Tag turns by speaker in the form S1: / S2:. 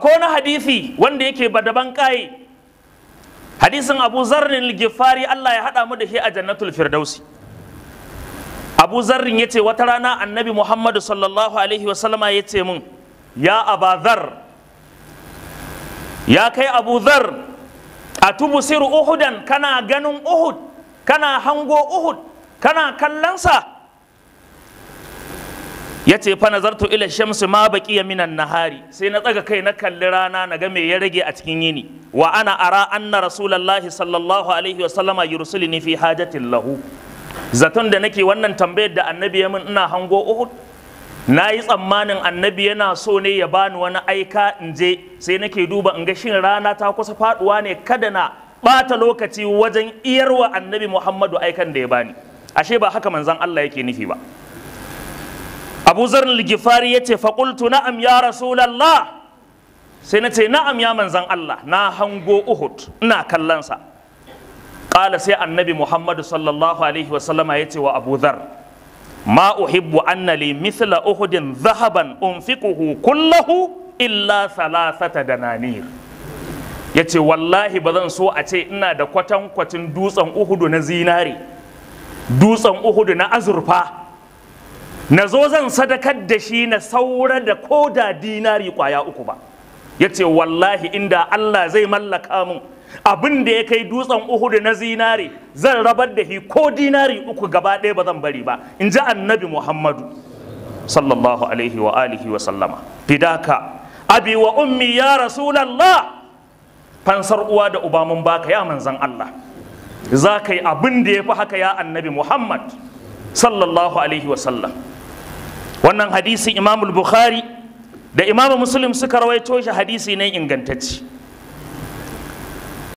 S1: akwai wani hadisi wanda yake ba daban kai hadisin abu zarrin gifari allah ya haɗa mu da shi a jannatul firdausi abu zarrin ya ce wata rana annabi muhammadu sallallahu alaihi wasallama ya ce min ya abazar ya kai abu zar a tubusiru uhudan kana ganin uhud kana hango uhud kana kallonsa Ya ce fa nazartu ila shamsi ma ya minan nahari sai na tsaga kai na kalli rana na ga me ya rage a cikin yini wa ana ara anna rasulullahi sallallahu alaihi wasallama yursilni fi hajatin lahu zaton da nake wannan tambayar da annabi ya min ina hango Uhud na yi tsammanin annabi yana so ne ya bani wani aika in je sai nake duba in ga shin rana ta kusa faduwa ne kada na bata lokaci wajen iyarwa annabi Muhammadu aikan da ya bani ashe ba haka manzon Allah yake nufi ba abu zarar gifari ya ce faƙultu na'am ya rasulallah sai na ce na'am ya manzan Allah na hango uhud ina kallonsa ƙala sai annabi muhammadu sallallahu alaihi wasallama ya ce wa abu zar ma uhibbu anna li mithla uhudin zahaban unfiquhu kullahu illa salasata dananir ya ce wallahi ba zan so a ce ina da kwatankwacin dutsen uhudu na zinari dutsen uhudu na azurfa na zo zan sadakar da shi na saura da ko da dinari kwaya uku ba ya ce wallahi inda Allah zai mallaka mun abin da ya kai dutsen uhudu na zinare zan rabar da shi ko dinari uku gaba ɗaya ba zan bari ba in ji annabi muhammadu sallallahu alaihi wa alihi wa sallama fidaka abi wa ummi ya rasulallah fansar uwa da uba mun baka ya manzan allah za ka yi abin da ya fi haka ya annabi muhammad sallallahu alaihi wa sallam wannan hadisin imamul bukhari da imam muslim suka rawaito shi hadisi ne ingantacce